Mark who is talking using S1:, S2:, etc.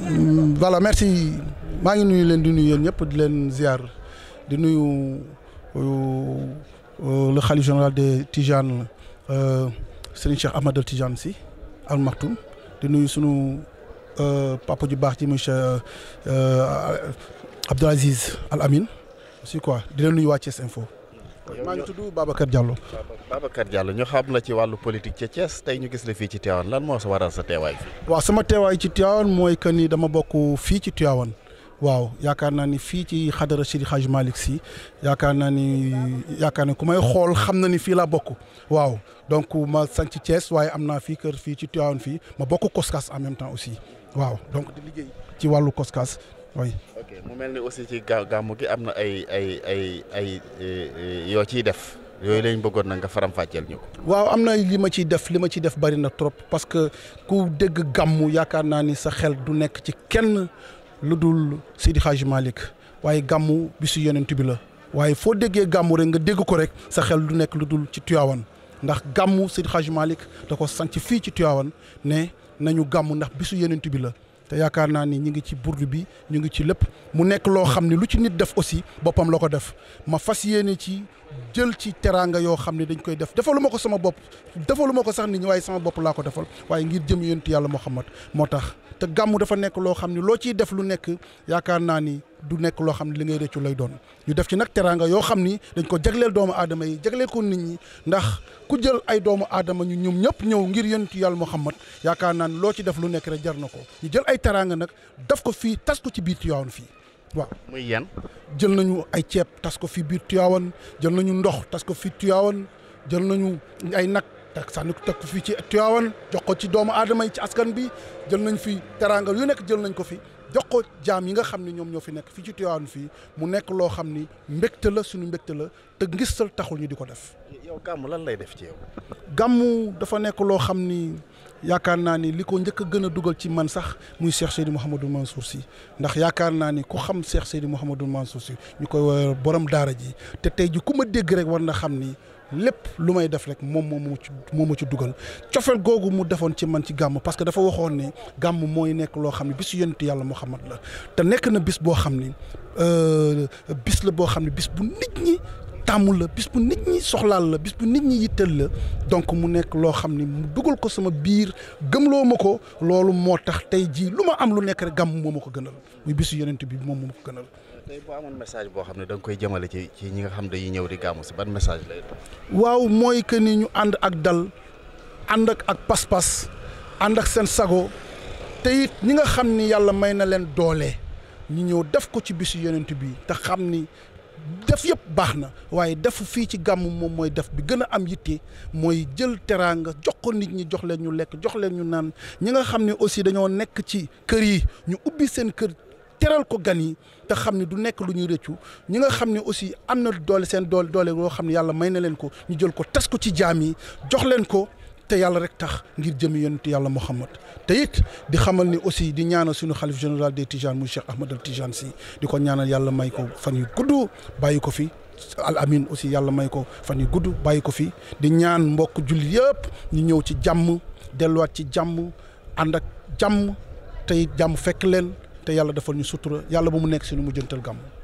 S1: Mm, voilà merci maa ngi nuyu leen di nuyu yéen ñëpp di leen ziar di nuyu euh, euh, le khalife général des Tijanes euh, Serigne Cheikh Ahmadou Tidiane Sy Al Maktoum di nuyu sunu papa ju baax ci monsieur Abdoul Aziz Al Amin si quoi di leen nuyu waa Thiès Info. maa ngi tudd Babacar Diallo. Babacar Diallo ñu xam la ci wàllu politique ca Thiès tey ñu gis la fii ci Tivaouane lan moo sa waral sa teewaay fii. waaw sama teewaay ci Tivaouane mooy que nii dama bokk fii ci Tivaouane waaw yaakaar naa ni fii ci xadara Seydi Hadj si yaakaar naa ni yaakaar ne ku may xool xam na ni fii laa bokk waaw donc ma sañ ci Thiès waaye am naa fii kër fii ci Tivaouane fii ma bokk Koskas en même temps aussi waaw donc di liggéey ci wàllu Koskas. oui mu mel ni aussi ci gàmmu gi am na ay ay ay ay eh, yoo ciy def yooyu lañ bëggoon na nga faramfàcceel fàcceel ñu ko. waaw am na li ma ciy def li ma ciy def bari na trop parce que ku dégg gàmmu yaakaar naa ni sa xel du nekk ci kenn lu dul Seydi Hadji Malick waaye gàmmu bisu yonent bi la waaye foo déggee gàmmu rek nga dégg ko rek sa xel du nekk lu dul ci Tivaouane ndax gàmmu Seydi Hadji Malick da ko sant fii ci Tivaouane ne nañu gàmmu ndax bisu yonent bi la. te yaakaar naa ni ñu ngi ci burdu bi ñu ngi ci lépp mu nekk loo xam ne lu ci nit def aussi boppam la ko def ma fas yéene ci jël ci teraanga yoo xam ne dañ koy def defaluma ko sama bopp defaluma ko sax nit ñi waaye sama bopp laa ko defal waaye ngir jëm yonent yàlla Muhammad moo tax te gàmmu dafa nekk loo xam ne loo ciy def lu nekk yaakaar naa ni du nekk loo xam ne li ngay réccu lay doon ñu def ci nag teraanga yoo xam ni dañ ko jagleel doomu aadama yi jagleel ko nit ndax ku jël ay doomu aadama ñu ñoom ñëpp ñëw ngir yonentu yàlla Muhammad yaakaar naa ni loo ci def lu nekk rek jar na ko ñu jël ay teraanga nag daf ko fii tas ko ci biir Tiwaawan fii waaw muy yan. jël nañu ay ceeb tas ko fi biir Tivaouane jël nañu ndox tas ko fi Tivaouane jël nañu ay nag tak sànni ko teg ko fii ci Tivaouane jox ko ci doomu aadama yi ci askan bi jël nañ fi teraangal yu nekk jël nañ ko fi jox ko jaam yi nga xam ne ñoom ñoo fi nekk fii ci Tivaouane fii mu nekk loo xam ni mbégte la suñu mbégte la te ngistal taxul ñu di ko def. yow gàmm lan lay def ci yow. gàmm dafa nekk loo xam ni. yaakaar naa ni li ko njëkk a gën a dugal ci man sax muy Cheikh Seydi Mouhamadou Mansour si ndax yaakaar naa ni ku xam Cheikh Seydi Mouhamadou Mansour Sy ñu koy woowee borom daara ji te tey ji ku ma dégg rek war na xam ni lépp lu may def rek moom moo ma ci moo ci dugal cofeel googu mu defoon ci man ci gàmm parce que dafa waxoon ne gàmm mooy nekk loo xam ne bisu yonentu yàlla Muhammad la te nekk na bis boo xam ni euh, bis la boo xam ne bis bu nit ñi tàmmul la bis bu nit ñi soxlaal la bis bu nit ñi yitteel la donc mu nekk loo xam ni mu dugal ko sama biir gëmloo ma ko loolu moo tax tey jii lu ma am lu nekk rek gàmmu moo ma ko gënal muy bisu yonent bi moom moo ma ko gënal. amoon message boo xam ne da koy jëmale ci ci ñi nga xam dañuy ñëw di gàmmu si ban message lay waaw mooy que ni ñu ànd ak dal ànd ak ak pas-pas ànd ak seen sago te it ñi nga xam ni yàlla may na leen doole ñu ñëw def ko ci bisu yonent bi te xam ni def yëpp baax na waaye def fii ci gàmm moom mooy def bi gën a am yitte mooy jël teraanga jox ko nit ñi jox leen ñu lekk jox leen ñu naan ñi nga xam ne aussi dañoo nekk ci kër yi ñu ubbi seen kër teral ko gan yi te xam ne du nekk lu ñuy rëccu ñi nga xam ne aussi am na doole seen doole doole loo xam ne yàlla may na leen ko ñu jël ko tas ko ci jaam yi jox leen ko. te yàlla rek tax ngir jëmi yonent yàlla Muhammad te it di xamal ni aussi di ñaanal suñu xalif général des Tijanes muy Cheikh Ahmadal Tijane si di ko ñaanal yàlla may ko fan yu gudd bàyyi ko fi al amin aussi yàlla may ko fan yu gudd bàyyi ko fi di ñaan mbokk jullit yëpp ñu ñëw ci jàmm delluwaat ci jàmm ànd ak jàmm tey jàmm fekk leen te yàlla defal ñu sutura yàlla ba mu nekk suñu mujjantal gàmm